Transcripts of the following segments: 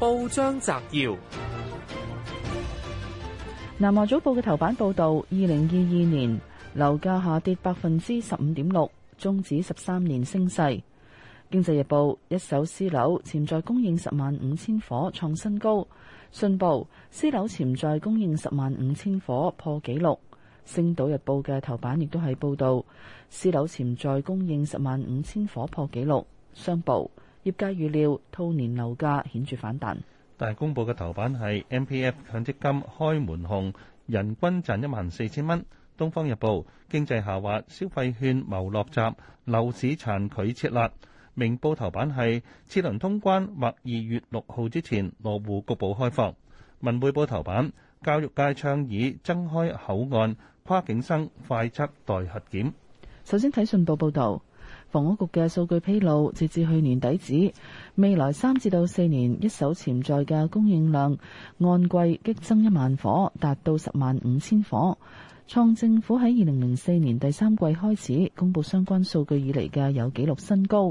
報章摘要：南華早報嘅頭版報道，二零二二年樓價下跌百分之十五點六，終止十三年升勢。經濟日報，一手私樓潛在供應十萬五千伙創新高。信報，私樓潛在供應十萬五千伙破紀錄。星島日報嘅頭版亦都係報道私樓潛在供應十萬五千伙破紀錄。商報業界預料兔年樓價顯著反彈。大公報嘅頭版係 M P F 強積金開門紅，人均賺一萬四千蚊。東方日報經濟下滑，消費券謀落閘，樓市殘佢設立。明報頭版係次輪通關或二月六號之前羅湖局部開放。文匯報頭版教育界倡議增開口岸，跨境生快測代核檢。首先睇信報報道。房屋局嘅數據披露，截至去年底止，未來三至到四年一手潛在嘅供應量按季激增一萬伙，達到十萬五千伙，創政府喺二零零四年第三季開始公布相關數據以來嘅有紀錄新高。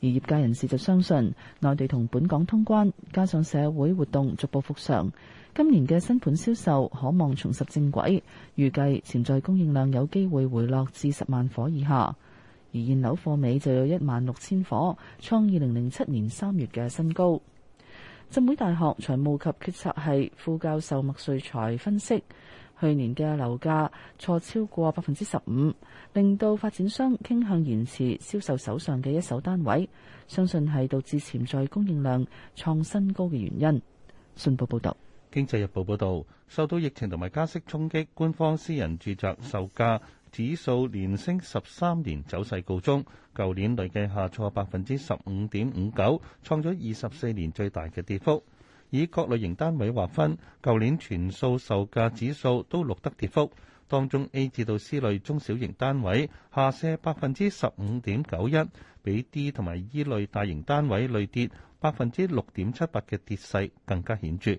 而業界人士就相信，內地同本港通關，加上社會活動逐步復常，今年嘅新盤銷售可望重拾正軌，預計潛在供應量有機會回落至十萬伙以下。而現樓貨尾就有一萬六千伙，創二零零七年三月嘅新高。浸會大學財務及決策系副教授麥瑞才分析，去年嘅樓價挫超過百分之十五，令到發展商傾向延遲銷售手上嘅一手單位，相信係導致潛在供應量創新高嘅原因。信報報道，經濟日報報道，受到疫情同埋加息衝擊，官方私人住宅售價。指數連升十三年走勢告終，舊年累計下挫百分之十五點五九，創咗二十四年最大嘅跌幅。以各類型單位劃分，舊年全數售價指數都錄得跌幅，當中 A 至到 C 類中小型單位下瀉百分之十五點九一，比 D 同埋 E 類大型單位累跌百分之六點七八嘅跌勢更加顯著。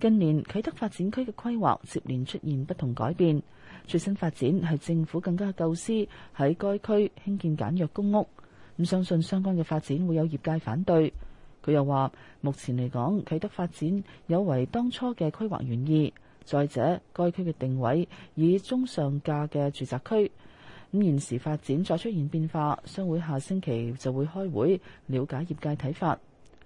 近年啟德發展區嘅規劃接連出現不同改變，最新發展係政府更加構思喺該區興建簡約公屋。咁相信相關嘅發展會有業界反對。佢又話：目前嚟講，啟德發展有違當初嘅規劃原意。再者，該區嘅定位以中上價嘅住宅區。咁現時發展再出現變化，商會下星期就會開會了解業界睇法。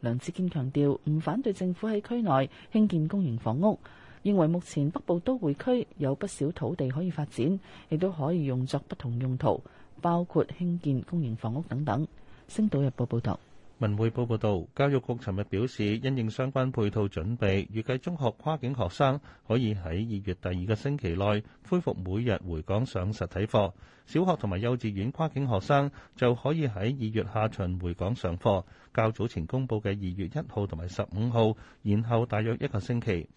梁志堅強調唔反對政府喺區內興建公營房屋，認為目前北部都會區有不少土地可以發展，亦都可以用作不同用途，包括興建公營房屋等等。星島日報報道。文匯報報道，教育局尋日表示，因應相關配套準備，預計中學跨境學生可以喺二月第二個星期內恢復每日回港上實體課，小學同埋幼稚園跨境學生就可以喺二月下旬回港上課。較早前公布嘅二月一號同埋十五號，延後大約一個星期。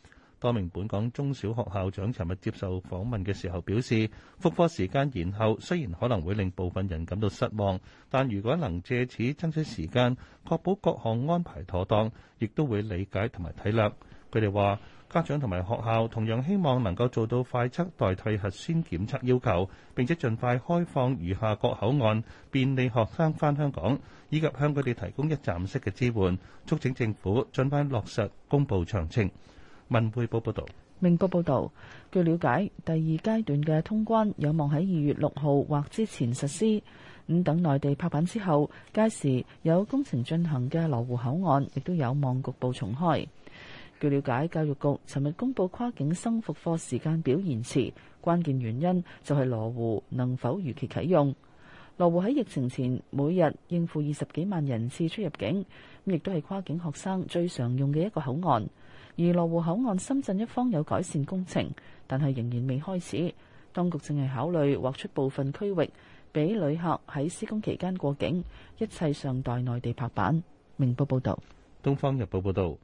多名本港中小學校長尋日接受訪問嘅時候表示，復課時間延後雖然可能會令部分人感到失望，但如果能借此爭取時間確保各項安排妥當，亦都會理解同埋體諒。佢哋話家長同埋學校同樣希望能夠做到快測代替核酸檢測要求，並且盡快開放餘下各口岸，便利學生返香港，以及向佢哋提供一站式嘅支援，促請政府盡快落實公布詳情。文匯報報道，明報報道，據了解，第二階段嘅通關有望喺二月六號或之前實施。咁等內地拍板之後，屆時有工程進行嘅羅湖口岸亦都有望局部重開。據了解，教育局尋日公布跨境生復課時間表延遲，關鍵原因就係羅湖能否如期啟用。羅湖喺疫情前每日應付二十幾萬人次出入境，亦都係跨境學生最常用嘅一個口岸。而羅湖口岸深圳一方有改善工程，但係仍然未開始。當局正係考慮劃出部分區域俾旅客喺施工期間過境，一切尚待內地拍板。明報報道。《東方日報》報道，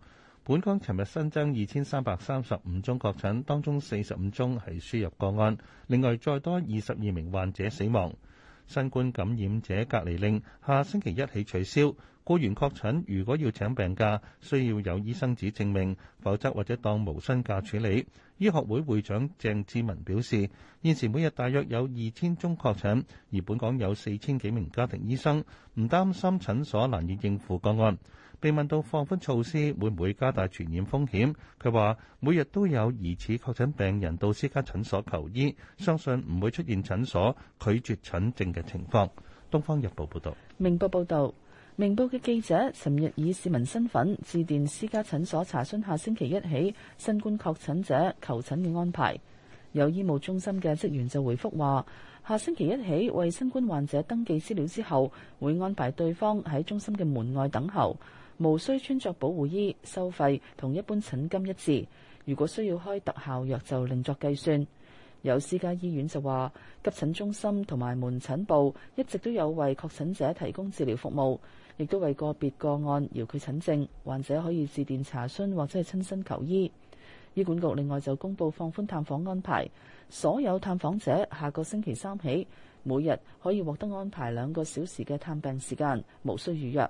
本港尋日新增二千三百三十五宗確診，當中四十五宗係輸入個案，另外再多二十二名患者死亡。新冠感染者隔離令下星期一起取消。僱員確診如果要請病假，需要有醫生紙證明，否則或者當無薪假處理。醫學會會長鄭志文表示，現時每日大約有二千宗確診，而本港有四千幾名家庭醫生，唔擔心診所難以應付個案。被問到放寬措施會唔會加大傳染風險，佢話每日都有疑似確診病人到私家診所求醫，相信唔會出現診所拒絕診症嘅情況。《東方日報》報道。《明報》報道。明報嘅記者尋日以市民身份致電私家診所查詢下星期一起新冠確診者求診嘅安排，有醫務中心嘅職員就回覆話：下星期一起為新冠患者登記資料之後，會安排對方喺中心嘅門外等候，無需穿着保護衣，收費同一般診金一致。如果需要開特效藥，就另作計算。有私家醫院就話，急診中心同埋門診部一直都有為確診者提供治療服務，亦都為個別個案遙距診症。患者可以致電查詢或者係親身求醫。醫管局另外就公布放寬探訪安排，所有探訪者下個星期三起，每日可以獲得安排兩個小時嘅探病時間，無需預約。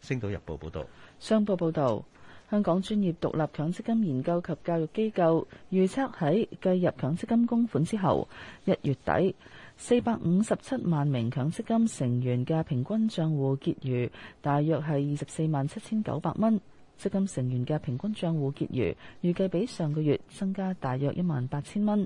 星島日報報道，商報報道，香港專業獨立強積金研究及教育機構預測，喺計入強積金供款之後，一月底四百五十七萬名強積金成員嘅平均賬戶結餘大約係二十四萬七千九百蚊。積金成員嘅平均賬戶結餘預計比上個月增加大約一萬八千蚊。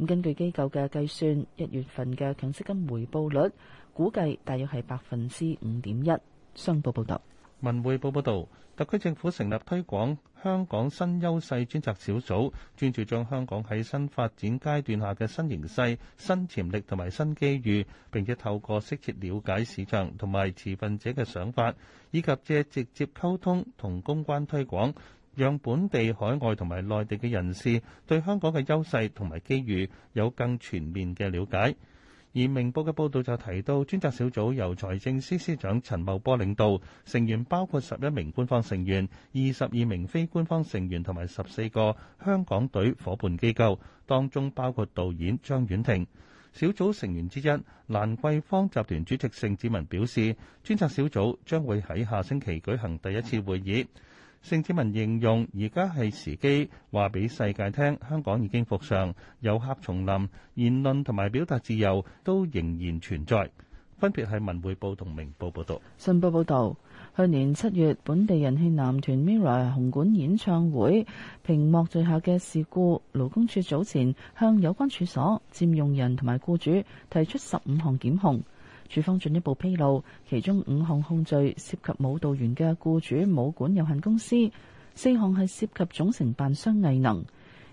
咁根據機構嘅計算，一月份嘅強積金回報率估計大約係百分之五點一。新報報道，文匯報報道，特區政府成立推廣香港新優勢專責小組，專注將香港喺新發展階段下嘅新形勢、新潛力同埋新機遇，並且透過適切了解市場同埋持份者嘅想法，以及借直接溝通同公關推廣，讓本地、海外同埋內地嘅人士對香港嘅優勢同埋機遇有更全面嘅了解。而明報嘅報導就提到，專責小組由財政司司，司長陳茂波領導，成員包括十一名官方成員、二十二名非官方成員同埋十四個香港隊伙伴機構，當中包括導演張婉婷。小組成員之一蘭桂坊集團主席盛智文表示，專責小組將會喺下星期舉行第一次會議。盛志文形容而家係時機話俾世界聽香港已經復常，遊客重臨言論同埋表達自由都仍然存在。分別係文匯報同明報報道。信報報道去年七月本地人氣男團 Mirror 紅館演唱會屏幕墜下嘅事故，勞工處早前向有關處所占用人同埋雇主提出十五項檢控。處方進一步披露，其中五項控罪涉及舞蹈員嘅僱主舞館有限公司，四項係涉及總承辦商藝能，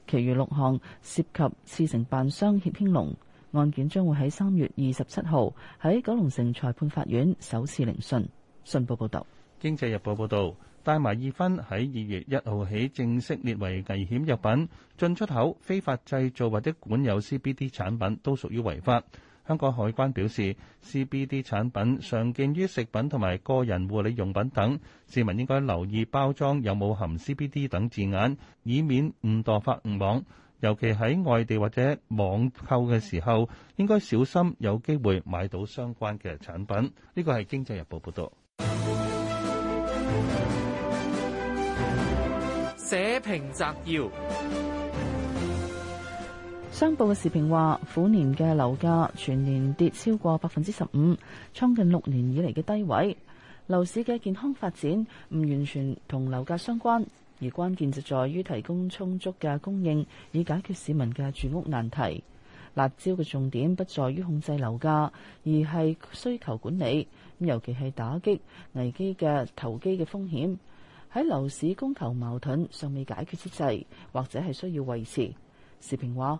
其餘六項涉及次承辦商協興龍。案件將會喺三月二十七號喺九龍城裁判法院首次聆訊。信報報道。《經濟日報》報道，大麻二酚喺二月一號起正式列為危險藥品，進出口、非法製造或者管有 CBD 產品都屬於違法。香港海關表示，CBD 產品常見於食品同埋個人護理用品等，市民應該留意包裝有冇含 CBD 等字眼，以免誤墮法網。尤其喺外地或者網購嘅時候，應該小心，有機會買到相關嘅產品。呢個係《經濟日報》報道。社評摘要。商報嘅時評話：虎年嘅樓價全年跌超過百分之十五，創近六年以嚟嘅低位。樓市嘅健康發展唔完全同樓價相關，而關鍵就在於提供充足嘅供應，以解決市民嘅住屋難題。辣招嘅重點不在於控制樓價，而係需求管理。尤其係打擊危機嘅投機嘅風險。喺樓市供求矛盾尚未解決之際，或者係需要維持。時評話。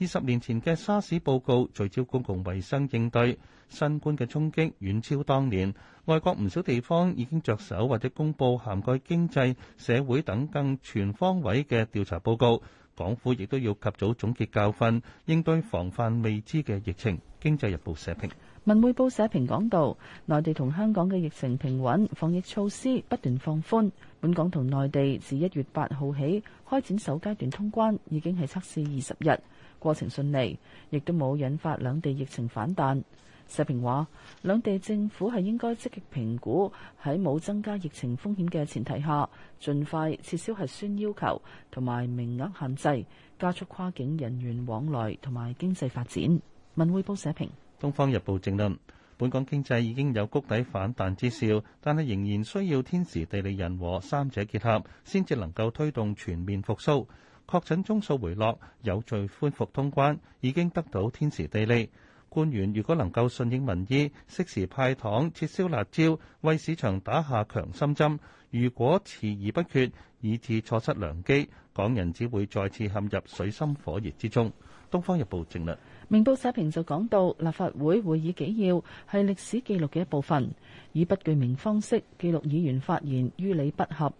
二十年前嘅沙士報告，聚焦公共衞生，應對新冠嘅衝擊遠超當年。外國唔少地方已經着手或者公佈涵蓋經濟、社會等更全方位嘅調查報告。港府亦都要及早總結教訓，應對防範未知嘅疫情。經濟日報社評。文匯報社評講到，內地同香港嘅疫情平穩，防疫措施不斷放寬。本港同內地自一月八號起開展首階段通關，已經係測試二十日。過程順利，亦都冇引發兩地疫情反彈。社評話：兩地政府係應該積極評估喺冇增加疫情風險嘅前提下，盡快撤銷核酸要求同埋名額限制，加速跨境人員往來同埋經濟發展。文匯報社評，《東方日報》政論：本港經濟已經有谷底反彈之兆，但係仍然需要天時地利人和三者結合，先至能夠推動全面復甦。確診宗數回落，有序恢復通關，已經得到天時地利。官員如果能夠順應民意，適時派糖撤銷辣椒，為市場打下強心針。如果遲疑不決，以致錯失良機，港人只會再次陷入水深火熱之中。《東方日報》正論。明報社評就講到，立法會會議紀要係歷史記錄嘅一部分，以不具名方式記錄議員發言，於理不合。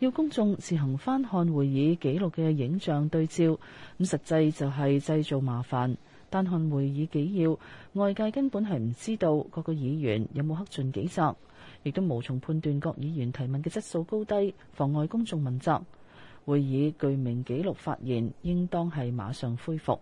要公眾自行翻看會議記錄嘅影像對照，咁實際就係製造麻煩。單看會議紀要，外界根本係唔知道各個議員有冇恪盡己責，亦都無從判斷各議員提問嘅質素高低，妨礙公眾問責。會議具名記錄發言，應當係馬上恢復。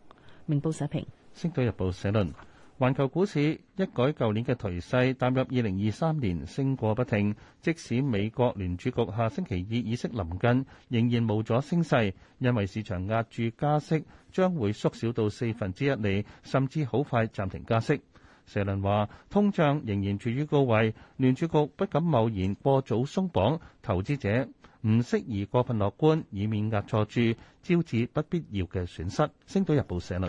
明報社評，《星島日報》社論。環球股市一改舊年嘅頹勢，踏入二零二三年升過不停。即使美國聯儲局下星期二議息臨近，仍然冇咗升勢，因為市場壓住加息將會縮小到四分之一厘，甚至好快暫停加息。社論話通脹仍然處於高位，聯儲局不敢貿然過早鬆綁，投資者唔適宜過分樂觀，以免壓錯注招致不必要嘅損失。星島日報社論。